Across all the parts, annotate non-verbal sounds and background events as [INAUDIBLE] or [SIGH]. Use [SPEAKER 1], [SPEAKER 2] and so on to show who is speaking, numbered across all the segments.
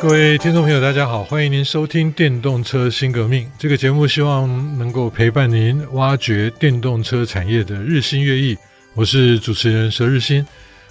[SPEAKER 1] 各位聽眾朋友，大家好，歡迎您收聽《電動車新革命》這個節目，希望能夠陪伴您挖掘電動車產業的日新月異。我是主持人佘日新。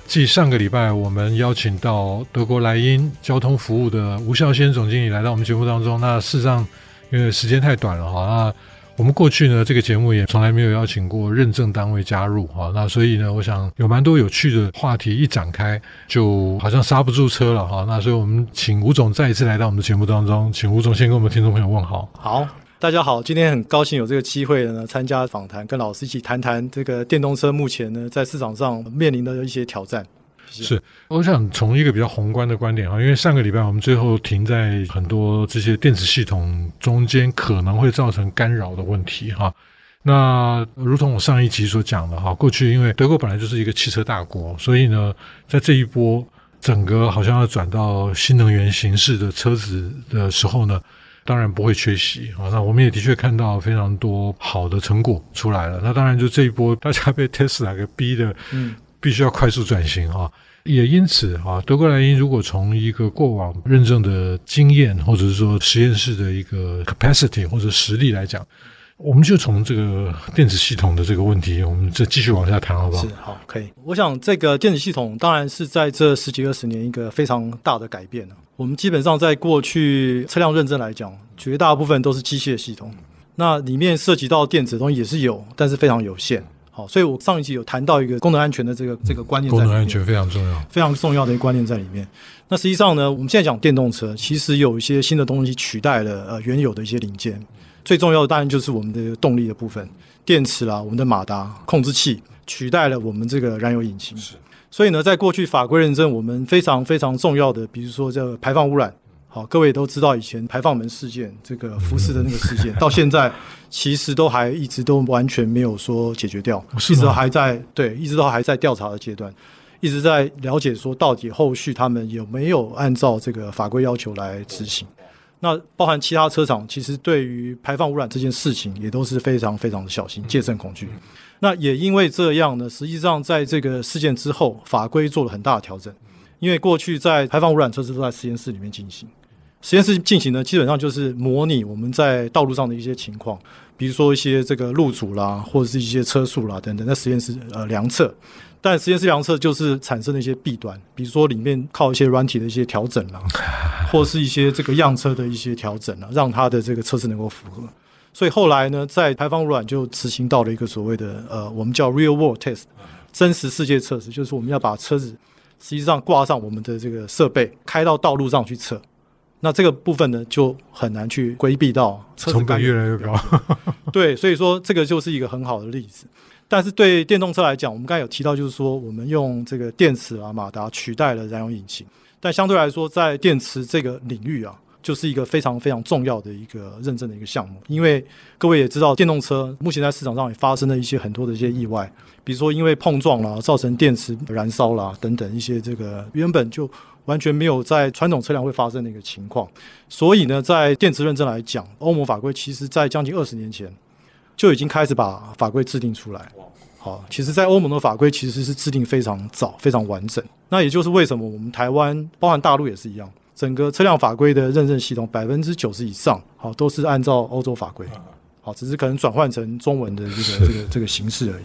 [SPEAKER 1] 繼上個禮拜，我們邀請到德國萊茵交通服務的吳孝先總經理來到我們節目當中。那事實上，因為時間太短了哈，那。我們過去呢，這個節目也從來沒有邀請過認證單位加入哈，那所以呢，我想有蠻多有趣的話題，一展開就好像剎不住車了哈，那所以我們請吳總再一次來到我們的節目當中，請吳總先跟我們聽眾朋友問好。
[SPEAKER 2] 好，大家好，今天很高興有這個機會呢，參加訪談，跟老師一起談談這個電動車目前呢在市場上面臨的一些挑戰。是，我
[SPEAKER 1] 想從一個比較宏觀的觀點，因為上個禮拜我們最後停在很多這些電子系統中間可能會造成干擾的問題哈。那如同我上一集所講的哈，過去因為德國本來就是一個汽車大國，所以呢，在這一波整個好像要轉到新能源形式的車子的時候呢，當然不會缺席啊。那我們也的確看到非常多好的成果出來了。那當然就這一波，大家被 Tesla 給逼的。必須要快速轉型啊！也因此啊，德國萊茵如果從一個過往認證的經驗，或者是說實驗室的一個 capacity 或者實力來講，我們就從這個電子系統的這個問題，我們再繼續往下談，好不好？是，好，可以。
[SPEAKER 2] 我想，這個電子系統當然是在這十幾二十年一個非常大的改變了。我們基本上在過去車輛認證來講，絕大部分都是機械系統，那裡面涉及到的電子的東西也是有，但是非常有限。好，所以我上一集有談到一個功能安全的這個這個觀念。功能安全非常重要，非常重要的一個觀念在裡面。那實際上呢，我們現在講電動車，其實有一些新的東西取代了呃原有的一些零件。最重要的當然就是我們的動力的部分，電池啦、啊，我們的馬達、控制器取代了我們這個燃油引擎。所以呢，在過去法規認證，我們非常非常重要的，比如說這個排放污染，好，各位都知道以前排放門事件，這個福斯的那個事件，到現在。 [LAUGHS] 其實都還一直都完全沒有說解決掉，嗎一直都還在對，一直都還在調查的階段，一直在了解說到底後續他們有沒有按照這個法規要求來執行。那包含其他車廠，其實對於排放污染這件事情也都是非常非常的小心、戒慎恐懼。嗯、那也因為這樣呢，實際上在這個事件之後，法規做了很大的調整，因為過去在排放污染測試都在實驗室裡面進行。實驗室進行呢，基本上就是模擬我們在道路上的一些情況，比如說一些這個路阻啦，或者是一些車速啦等等，在實驗室呃量測。但實驗室量測就是產生了一些弊端，比如說裡面靠一些軟體的一些調整啦，或是一些這個樣車的一些調整啦，讓它的這個測試能夠符合。所以後來呢，在排放污染，就執行到了一個所謂的呃，我們叫 real world test 真實世界測試，就是我們要把車子實際上掛上我們的這個設備，開到道路上去測。那這個部分呢，就很難去規避到成本越來越高。對，所以說這個就是一個很好的例子。但是對電動車來講，我們剛才有提到，就是說我們用這個電池啊、馬達取代了燃油引擎，但相對來說，在電池這個領域啊，就是一個非常非常重要的一個認證的一個項目。因為各位也知道，電動車目前在市場上也發生了一些很多的一些意外，比如說因為碰撞啦、啊，造成電池燃燒啦、啊、等等一些這個原本就。完全沒有在傳統車輛會發生的一個情況，所以呢，在電池認證來講，歐盟法規其實，在將近二十年前就已經開始把法規制定出來。好，其實，在歐盟的法規其實是制定非常早，非常完整。那也就是為什麼我們台灣，包含大陸也是一樣，整個車輛法規的認證系統百分之九十以上，好，都是按照歐洲法規。好，只是可能轉換成中文的這個這個、這個、這個形式而已。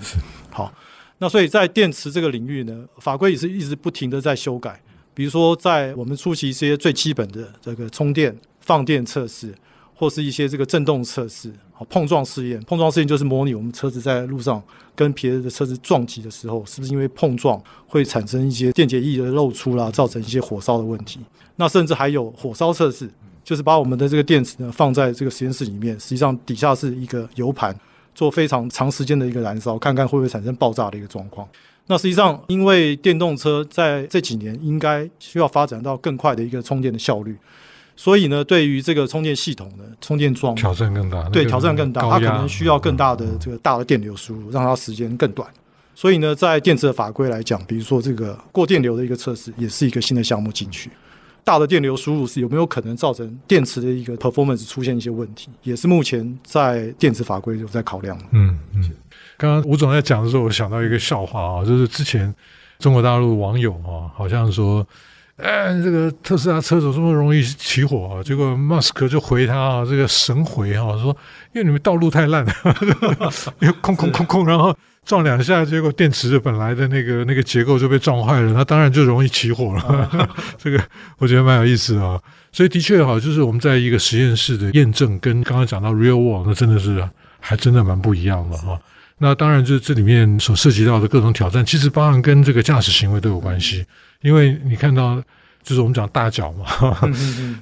[SPEAKER 2] 好，那所以在電池這個領域呢，法規也是一直不停地在修改。比如說，在我們出席一些最基本的這個充電、放電測試，或是一些這個振動測試、啊碰撞試驗。碰撞試驗就是模擬我們車子在路上跟別人的車子撞擊的時候，是不是因為碰撞會產生一些電解液的漏出啦、啊，造成一些火燒的問題。那甚至還有火燒測試，就是把我們的這個電池呢，放在這個實驗室裡面，實際上底下是一個油盤，做非常長時間的一個燃燒，看看會不會產生爆炸的一個狀況。那實際上，因為電動車在這幾年應該需要發展到更快的一個充電的效率，所以呢，對於這個充電系統的充電樁，挑戰更大，對，挑戰更大，它可能需要更大的這個大的電流輸入，讓它時間更短。所以呢，在電池的法規來講，比如說這個過電流的一個測試，也是一個新的項目進去。大的電流輸入是有沒有可能造成電池的一個 performance 出現一些問題，也是目前在電池法規有在考量的。嗯。嗯嗯。剛剛吳總
[SPEAKER 1] 在講的時候，我想到一個笑話啊，就是之前中國大陸網友啊，好像說，哎，這個特斯拉車手這麼容易起火啊，結果 Musk 就回他啊，這個神回哈、啊，說因為你們道路太爛了， [LAUGHS] 又空空空空，然後撞兩下，結果電池本來的那個那個結構就被撞壞了，那當然就容易起火了。 [LAUGHS] 這個我覺得蠻有意思啊。所以的確哈、啊，就是我們在一個實驗室的驗證，跟剛剛講到 real world，那真的是還真的蠻不一樣的哈、啊。那當然，就是這裡面所涉及到的各種挑戰，其實當然跟這個駕駛行為都有關係，因為你看到就是我們講大腳嘛，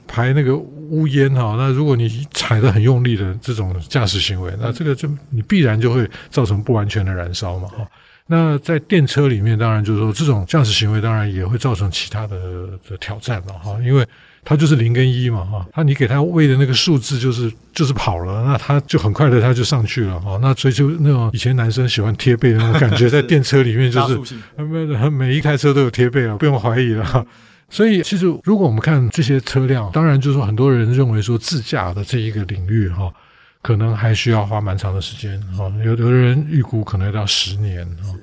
[SPEAKER 1] 排那個烏煙哈。那如果你踩得很用力的這種駕駛行為，那這個就你必然就會造成不完全的燃燒嘛哈。那在電車裡面，當然就是說這種駕駛行為，當然也會造成其他的的挑戰嘛哈，因為。它就是零跟一嘛，哈，它你給它餵的那個數字就是就是跑了，那它就很快的，它就上去了，哈，那所以就那種以前男生喜歡貼背的那種感覺，在電車裡面就是，每一台車都有貼背啊，不用懷疑了，哈，所以其實如果我們看這些車輛，當然就是說很多人認為說自駕的這一個領域，哈，可能還需要花蠻長的時間，哈，有有的人預估可能要到十年，哈。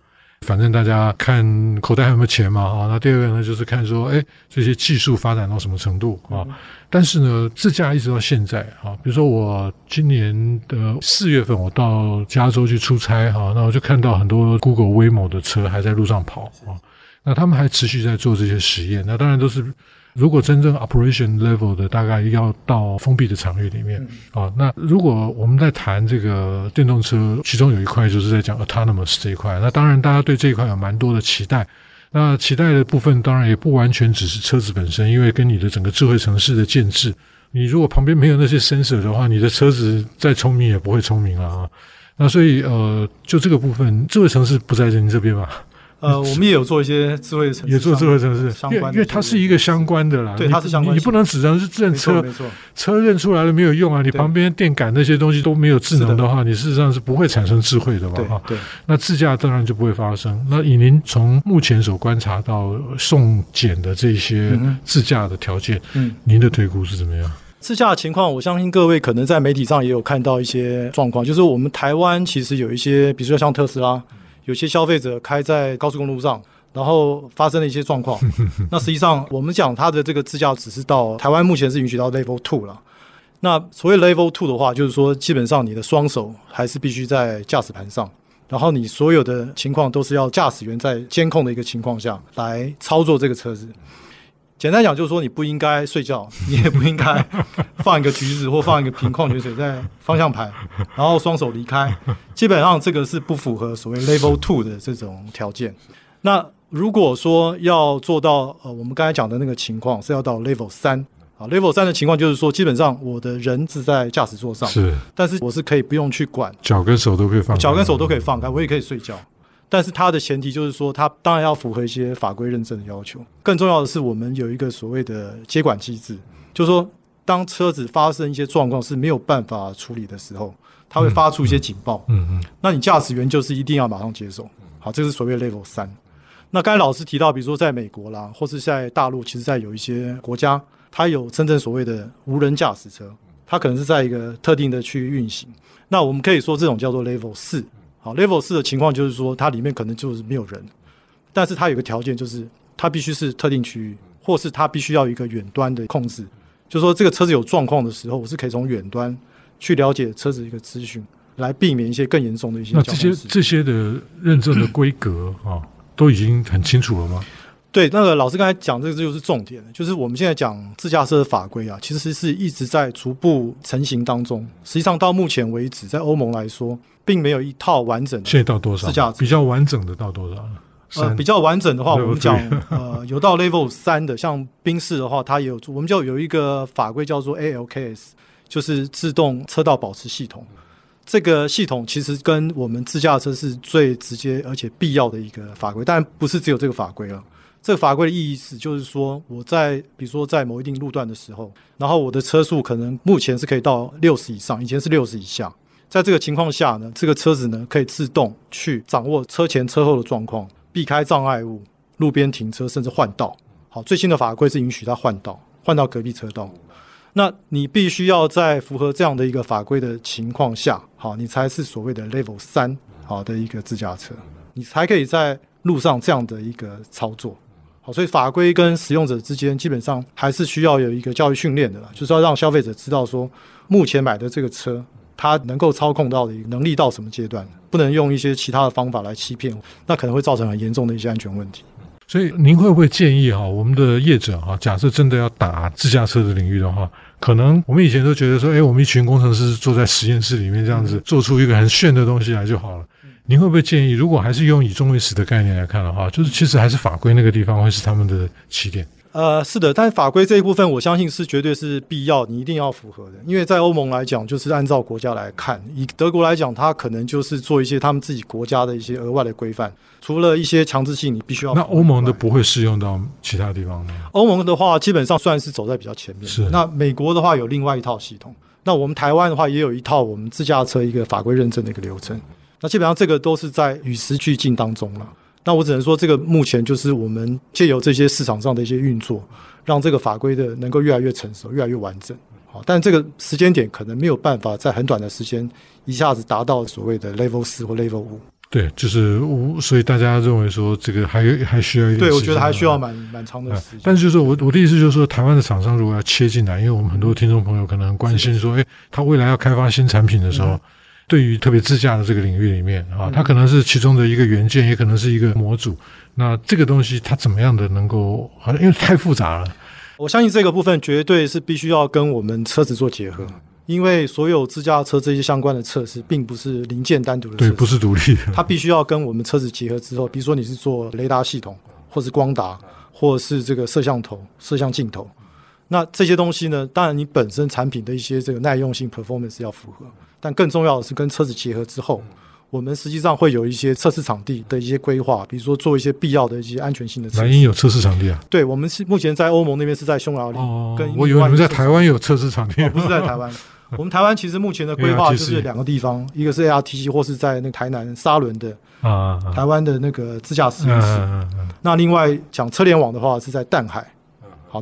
[SPEAKER 1] 反正大家看口袋還有沒有錢嘛，啊，那第二個呢就是看說，哎，這些技術發展到什麼程度啊？但是呢，自駕一直到現在啊，比如說我今年的四月份，我到加州去出差哈，那我就看到很多 Google Waymo 的車還在路上跑啊，那他們還持續在做這些實驗，那當然都是。如果真正 operation level 的，大概要到封閉的場域裡面、嗯、啊。那如果我們在談這個電動車，其中有一塊就是在講 autonomous 這一塊。那當然，大家對這一塊有蠻多的期待。那期待的部分，當然也不完全只是車子本身，因為跟你的整個智慧城市的建制。你如果旁邊沒有那些 sensor 的話，你的車子再聰明也不會聰明了啊。那所以呃，就這個部分，智慧城市不在您這邊吧？
[SPEAKER 2] 呃，我們也有做一些智慧城市，也做智慧城市相關的，因
[SPEAKER 1] 為它是一個相關的啦。對，它是相關，你不能只能是認車，沒錯，沒錯，車認出來了沒有用啊？對你旁邊電桿那些東西都沒有智能的話，對你事實上是不會產生智慧的吧？對，那自駕當然就不會發生。對對那以您從目前所觀察到送檢的這些自駕的條件，嗯、哼您的推估是怎麼樣？嗯嗯嗯、
[SPEAKER 2] 自駕情況，我相信各位可能在媒體上也有看到一些狀況，就是我們台灣其實有一些，比如說像特斯拉。有些消費者開在高速公路上，然後發生了一些狀況。 [LAUGHS] 那實際上，我們講它的這個自駕只是到台灣，目前是允許到 Level Two 了。那所謂 Level Two 的話，就是說基本上你的雙手還是必須在駕駛盤上，然後你所有的情況都是要駕駛員在監控的一個情況下來操作這個車子。簡單講就是說，你不應該睡覺，你也不應該放一個橘子或放一個瓶礦泉水在方向盤，然後雙手離開。基本上這個是不符合所謂 level two 的這種條件。是那如果說要做到呃，我們剛才講的那個情況是要到 level 三啊，level 三的情況就是說，基本上我的人是在駕駛座上，是，但是我是可以不用去管，
[SPEAKER 1] 腳跟手都可以放，腳跟手
[SPEAKER 2] 都可以放開，我也可以睡覺。但是它的前提就是說，它當然要符合一些法規認證的要求。更重要的是，我們有一個所謂的接管機制，就是說，當車子發生一些狀況是沒有辦法處理的時候，它會發出一些警報。嗯嗯。那你駕駛員就是一定要馬上接受。好，這是所謂的 Level 三。那剛才老師提到，比如說在美國啦，或是在大陸，其實在有一些國家，它有真正所謂的無人駕駛車，它可能是在一個特定的區域運行。那我們可以說這種叫做 Level 四。Level 四的情況就是說，它裡面可能就是沒有人，但是它有一個條件，就是它必須是特定區域，或是它必須要一個遠端的控制，就是說這個車子有狀況的時候，我是可以從遠端去了解車子的一個資訊，來避免一些更嚴重的一些。那這些
[SPEAKER 1] 這些的認證的規格啊，都已經很清楚了嗎？
[SPEAKER 2] 對，那個老師剛才講這個，這就是重點了。就是我們現在講自駕車的法規啊，其實是一直在逐步成型當中。實際上到目前為止，在歐盟來說，並沒有一套完整的自駕車。現在到多
[SPEAKER 1] 少？比較完整的到多少？
[SPEAKER 2] 呃，比較完整的話，我們講呃，有到 Level 三的， [LAUGHS] 像賓士的話，它也有。我們叫有一個法規叫做 ALKS，就是自動車道保持系統。這個系統其實跟我們自駕車是最直接而且必要的一個法規，當然不是只有這個法規了，啊。這個法規的意思就是說，我在比如說在某一定路段的時候，然後我的車速可能目前是可以到六十以上，以前是六十以下。在這個情況下呢，這個車子呢可以自動去掌握車前車後的狀況，避開障礙物、路邊停車甚至換道。好，最新的法規是允許它換道，換到隔壁車道。那你必須要在符合這樣的一個法規的情況下，好，你才是所謂的 Level 三好的一個自駕車，你才可以在路上這樣的一個操作。所以法規跟使用者之間基本上還是需要有一個教育訓練的啦。就是要讓消費者知道說，目前買的這個車，它能夠操控到的能力到什麼階段，不能用一些其他的方法來欺騙，那可能會造成很嚴重的一些安全問題。
[SPEAKER 1] 所以，您會不會建議哈，我們的業者哈，假設真的要打自駕車的領域的話，可能我們以前都覺得說，誒，我們一群工程師坐在實驗室裡面這樣子做出一個很炫的東西來就好了。您會不會建議，如果還是用以終為始的概念來看的話，就是其實還是法規那個地方會是他們的起點？
[SPEAKER 2] 呃，是的，但是法規這一部分，我相信是絕對是必要，你一定要符合的。因為在歐盟來講，就是按照國家來看，以德國來講，它可能就是做一些他們自己國家的一些額外的規範，除了一些強制性你必須要。那
[SPEAKER 1] 歐盟的不會適用到其他地方嗎？
[SPEAKER 2] 歐盟的話，基本上算是走在比較前面。是的那美國的話有另外一套系統，那我們台灣的話也有一套我們自駕車一個法規認證的一個流程。那基本上這個都是在與時俱進當中了。那我只能說，這個目前就是我們借由這些市場上的一些運作，讓這個法規的能夠越來越成熟、越來越完整。好，但這個時間點可能沒有辦法在很短的時間一下子達到所謂的 Level 四或 Level 五。
[SPEAKER 1] 對，就是五，所以大家認為說這個還還需要一點時間。對，我覺得還需要
[SPEAKER 2] 蠻蠻長的時間。但
[SPEAKER 1] 是就是我的我的意思就是說，台灣的廠商如果要切進來，因為我們很多聽眾朋友可能很關心說，是的 誒，他未來要開發新產品的時候。嗯。對於特別自駕的這個領域裡面啊，它可能是其中的一個元件，也可能是一個模組。那這個東西它怎麼樣的能夠？好像因為太複
[SPEAKER 2] 雜了，我相信這個部分絕對是必須要跟我們車子做結合，因為所有自駕車這些相關的測試，並不是零件單獨的測試，對，不是獨立的，它必須要跟我們車子結合之後，比如說你是做雷達系統，或是光達，或是這個攝像頭、攝像鏡頭，那這些東西呢，當然你本身產品的一些這個耐用性、performance 要符合。但更重要的是跟車子結合之後，我們實際上會有一些測試場地的一些規劃，比如說做一些必要的一些安全性的測試。南英有測試場地啊？對，我們是目前在歐盟那邊是在匈牙利，跟、哦。我以為你們在台
[SPEAKER 1] 灣有測試場地，哦，不是在台
[SPEAKER 2] 灣。嗯、我們台灣其實目前的規劃就是兩個地方，一個是 ARTC 或是在那個台南沙崙的、嗯嗯、台灣的那個自駕實驗室。嗯嗯嗯、那另外講車聯網的話，是在淡海。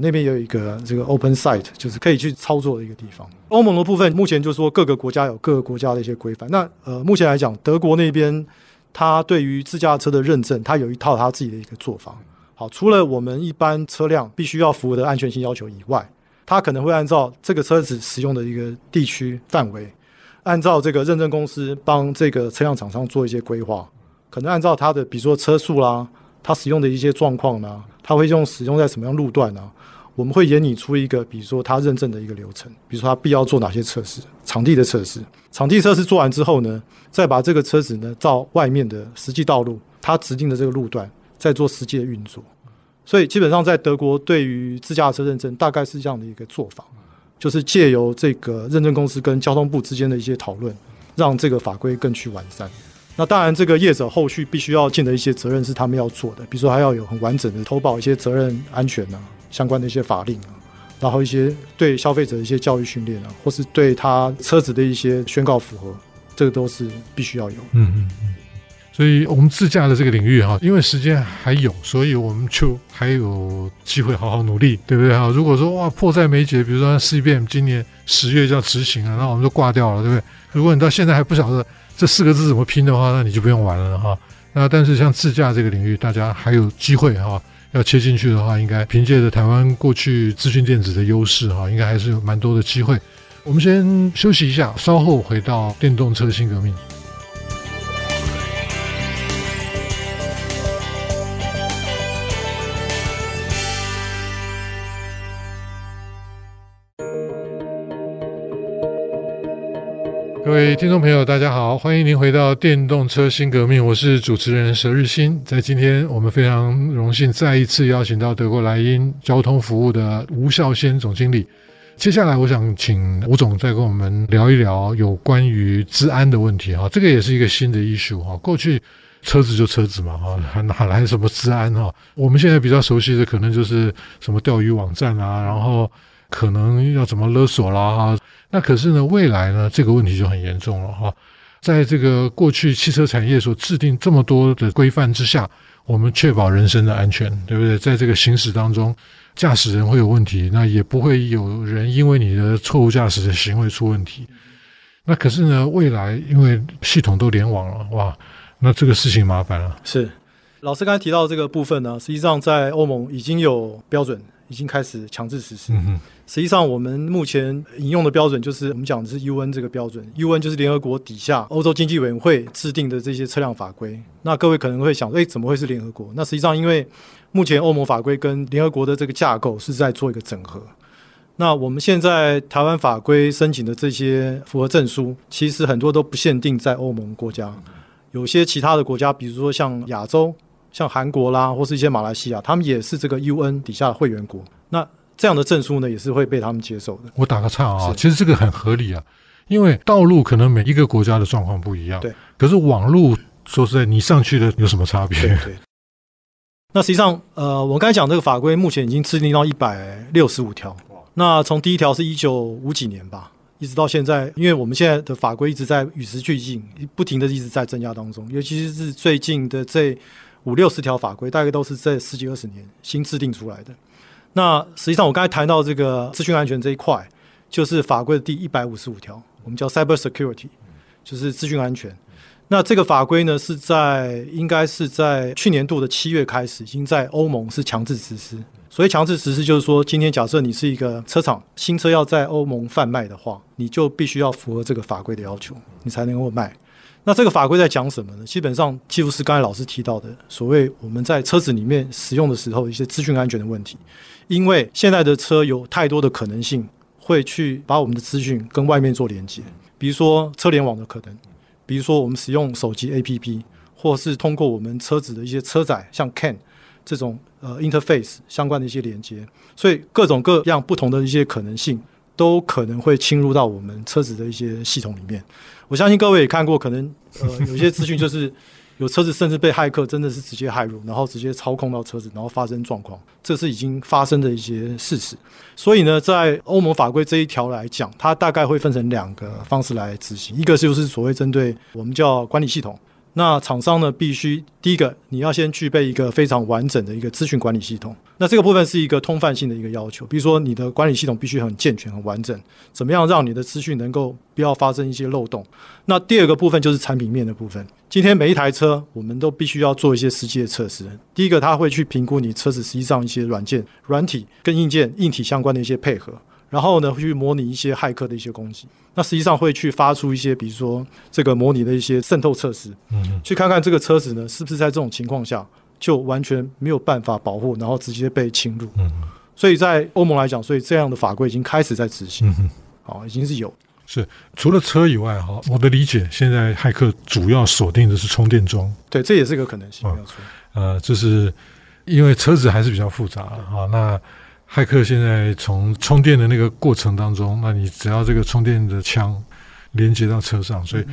[SPEAKER 2] 那邊也有一個這個 open site，就是可以去操作的一個地方。歐盟的部分目前就是說各個國家有各個國家的一些規範。那呃，目前來講，德國那邊它對於自駕車的認證，它有一套它自己的一個做法。好，除了我們一般車輛必須要符合的安全性要求以外，它可能會按照這個車子使用的一個地區範圍，按照這個認證公司幫這個車輛廠商做一些規劃，可能按照它的比如說車速啦，它使用的一些狀況啦。它會用使用在什麼樣路段呢、啊？我們會研擬出一個，比如說它認證的一個流程，比如說它必要做哪些測試，場地的測試，場地測試做完之後呢，再把這個車子呢到外面的實際道路，它指定的這個路段再做實際的運作。所以基本上在德國對於自駕車認證大概是這樣的一個做法，就是借由這個認證公司跟交通部之間的一些討論，讓這個法規更去完善。那當然，這個業者後續必須要盡的一些責任是他們要做的，比如說還要有很完整的投保一些責任安全啊，相關的一些法令啊，然後一些對消費者的一些教育訓練啊，或是對他車子的一些宣告符合，這個都是必須要有。
[SPEAKER 1] 嗯嗯嗯。所以，我們自駕的這個領域哈，因為時間還有，所以我們就還有機會好好努力，對不對哈？如果說哇，迫在眉睫，比如說 CBM 今年十月就要執行了，那我們就掛掉了，對不對？如果你到現在還不曉得這四個字怎麼拼的話，那你就不用玩了哈。那但是像自駕這個領域，大家還有機會哈。要切進去的話，應該憑借着台灣過去資訊電子的優勢哈，應該還是有蠻多的機會。我們先休息一下，稍後回到電動車新革命。各位聽眾朋友，大家好，歡迎您回到電動車新革命，我是主持人佘日新。在今天，我們非常榮幸再一次邀請到德國萊茵交通服務的吳孝先總經理。接下來，我想請吳總再跟我們聊一聊有關於資安的問題啊，這個也是一個新的 issue 啊，過去車子就車子嘛啊，還哪來什麼資安哈？我們現在比較熟悉的可能就是什麼釣魚網站啊，然後。可能要怎麼勒索啦，啊？哈，那可是呢，未來呢這個問題就很嚴重了哈，啊。在這個過去汽車產業所制定這麼多的規範之下，我們確保人身的安全，對不對？在這個行駛當中，駕駛人會有問題，那也不會有人因為你的錯誤駕駛的行為出問題。那可是呢，未來因為系統都聯網了，哇，那這個事情麻煩了。是，
[SPEAKER 2] 老師剛才提到這個部分呢，實際上在歐盟已經有標準。已經開始強制實施。實際上，我們目前引用的標準就是我們講的是 UN 這個標準，UN 就是聯合國底下歐洲經濟委員會制定的這些車輛法規。那各位可能會想，誒，怎麼會是聯合國？那實際上，因為目前歐盟法規跟聯合國的這個架構是在做一個整合。那我們現在台灣法規申請的這些符合證書，其實很多都不限定在歐盟國家，有些其他的國家，比如說像亞洲。像韓國啦，或是一些馬來西亞，他們也是這個 UN 底下的會員國。那這樣的證書呢，也是會被他們接受的。
[SPEAKER 1] 我打個岔啊，是其實這個很合理啊，因為道路可能每一個國家的狀況不一樣，對。可是網路說實在，你上去的有什麼差別？對，對。
[SPEAKER 2] 那實際上，呃，我剛才講這個法規，目前已經制定到一百六十五條。那從第一條是一九五幾年吧，一直到現在，因為我們現在的法規一直在與時俱進，不停的一直在增加當中，尤其是最近的這。五六十條法規，大概都是在十幾二十年新制定出來的。那實際上，我剛才談到這個資訊安全這一塊，就是法規的第一百五十五條，我們叫 cybersecurity，就是資訊安全。那這個法規呢，是在應該是在去年度的七月開始，已經在歐盟是強制實施。所以強制實施就是說，今天假設你是一個車廠，新車要在歐盟販賣的話，你就必須要符合這個法規的要求，你才能夠賣。那這個法規在講什麼呢？基本上幾乎是剛才老師提到的，所謂我們在車子裡面使用的時候一些資訊安全的問題。因為現在的車有太多的可能性會去把我們的資訊跟外面做連接，比如說車聯網的可能，比如說我們使用手機 APP，或是通過我們車子的一些車載像 CAN 這種呃 interface 相關的一些連接，所以各種各樣不同的一些可能性。都可能會侵入到我們車子的一些系統裡面。我相信各位也看過，可能呃有一些資訊就是有車子甚至被駭客真的是直接駭入，然後直接操控到車子，然後發生狀況，這是已經發生的一些事實。所以呢，在歐盟法規這一條來講，它大概會分成兩個方式來執行，一個就是所謂針對我們叫管理系統。那廠商呢，必須第一個，你要先具備一個非常完整的一個資訊管理系統。那這個部分是一個通泛性的一個要求，比如說你的管理系統必須很健全、很完整，怎麼樣讓你的資訊能夠不要發生一些漏洞？那第二個部分就是產品面的部分。今天每一台車，我們都必須要做一些實際的測試。第一個，它會去評估你車子實際上一些軟件、軟體跟硬件、硬體相關的一些配合。然後呢，去模擬一些駭客的一些攻擊，那實際上會去發出一些，比如說這個模擬的一些滲透測試，嗯、哼去看看這個車子呢是不是在這種情況下就完全沒有辦法保護，然後直接被侵入。嗯哼，所以在歐盟來講，所以這樣的法規已經開始在執行。好、嗯哼，已經是有。是
[SPEAKER 1] 除了車以外，哈，我的理解現在駭客主要鎖定的是充電樁。
[SPEAKER 2] 對，這也是一個可能性。沒有錯。
[SPEAKER 1] 呃，就是因為車子還是比較複雜哈對，那。駭客現在從充電的那個過程當中，那你只要這個充電的槍連接到車上，所以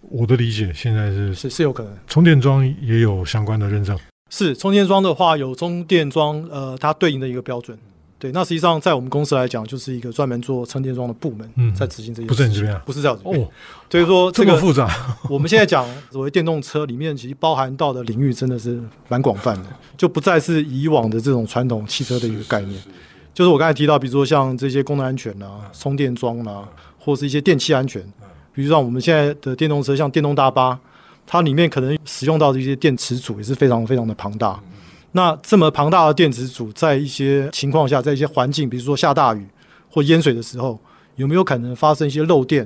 [SPEAKER 1] 我的理解現在是是是有可能充電樁也有相關的認證，
[SPEAKER 2] 是，是，是充電樁的話有充電樁呃它對應的一個標準，對，那實際上在我們公司來講就是一個專門做充電樁的部門在執行這一、嗯，不是你這邊啊？不是這樣子哦，所以說、啊這個、這麼複雜，我們現在講所謂電動車裡面其實包含到的領域真的是蠻廣泛的， [LAUGHS] 就不再是以往的這種傳統汽車的一個概念。是是是是。就是我剛才提到，比如說像這些功能安全吶、啊、充電樁吶、啊，或是一些電氣安全。比如像我們現在的電動車，像電動大巴，它裡面可能使用到的一些電池組也是非常非常的龐大。那這麼龐大的電池組，在一些情況下，在一些環境，比如說下大雨或淹水的時候，有沒有可能發生一些漏電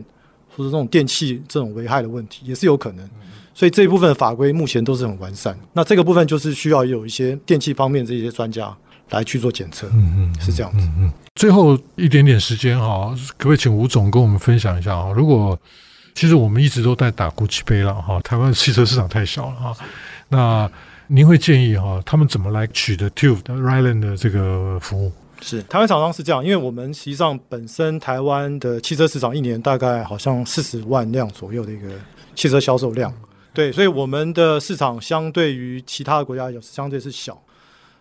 [SPEAKER 2] 或者這種電氣這種危害的問題，也是有可能。所以這一部分法規目前都是很完善。那這個部分就是需要有一些電氣方面這些專家。來去做檢測，嗯嗯哼，是這樣子，嗯
[SPEAKER 1] 嗯。最後一點點時間哈，各位請吳總跟我們分享一下啊？如果其實我們一直都在打國際盃了哈，台灣的汽車市場太小了哈，嗯、那您會建議哈，他們怎麼來取得 TÜV 的 Rheinland 的這個服務？
[SPEAKER 2] 是台灣廠商是這樣，因為我們實際上本身台灣的汽車市場一年大概好像四十萬輛左右的一個汽車銷售量，對，所以我們的市場相對於其他的國家有相對是小。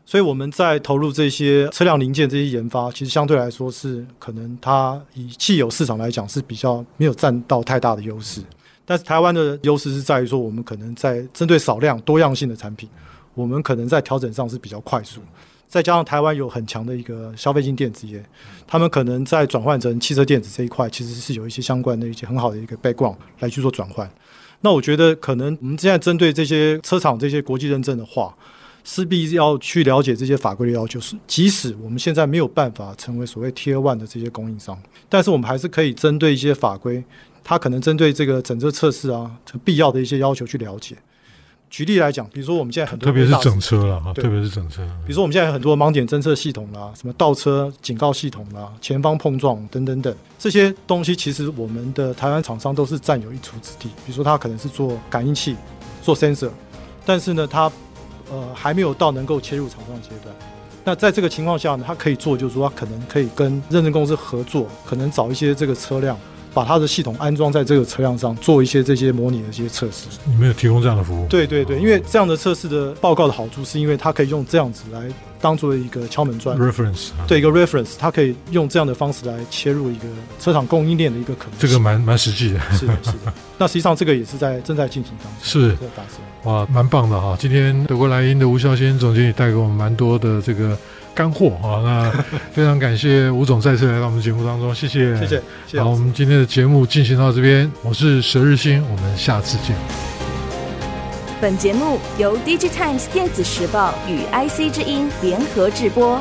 [SPEAKER 2] 所以我們在投入這些車輛零件，這些研發，其實相對來說是可能它以汽油市場來講是比較沒有占到太大的優勢。但是台灣的優勢是在於說，我們可能在針對少量多樣性的產品，我們可能在調整上是比較快速。再加上台灣有很強的一個消費性電子業，他們可能在轉換成汽車電子這一塊，其實是有一些相關的一些很好的一個 background 來去做轉換。那我覺得可能我們現在針對這些車廠這些國際認證的話，勢必要去了解這些法規的要求，是即使我們現在沒有辦法成為所謂 Tier One 的這些供應商，但是我們還是可以針對一些法規，它可能針對這個整車測試啊，必要的一些要求去了解。舉例來講，比如說我們現在很多，特別是整車了啊，特別是整車。比如說我們現在很多盲點偵測系統啦、啊，什麼倒車警告系統啦、啊，前方碰撞等等等這些東西，其實我們的台灣廠商都是占有一席之地。比如說它可能是做感應器，做 sensor，但是呢，它呃，還沒有到能夠切入廠商階段。那在這個情況下呢，他可以做，就是說，他可能可以跟認證公司合作，可能找一些這個車輛。把它的系統安裝在這個車輛上，做一些這些模擬的一些測試。
[SPEAKER 1] 你沒有提供這樣
[SPEAKER 2] 的服務？對對對，因為這樣的測試的報告的好處，是因為它可以用這樣子來當做一個敲門磚 （reference）。Reference，嗯，對一個 reference，它可以用這樣的方式來切入一個車廠供應鏈的一個可能。
[SPEAKER 1] 這個蠻蠻實際的，是的，是的。
[SPEAKER 2] 那實際上這個也是在正在進行當中的發。
[SPEAKER 1] 是，哇，蠻棒的哈！今天德國萊茵的吳孝先總經理帶給我們蠻多的這個。乾貨啊！那非常感謝吳總再次來到我們節目當中，謝謝謝謝。謝謝好，謝謝，我們今天的節目進行到這邊，我是佘日新，我們下次見。
[SPEAKER 2] 本節目由
[SPEAKER 1] DIGITIMES 電子時報與 IC 之音聯合制播。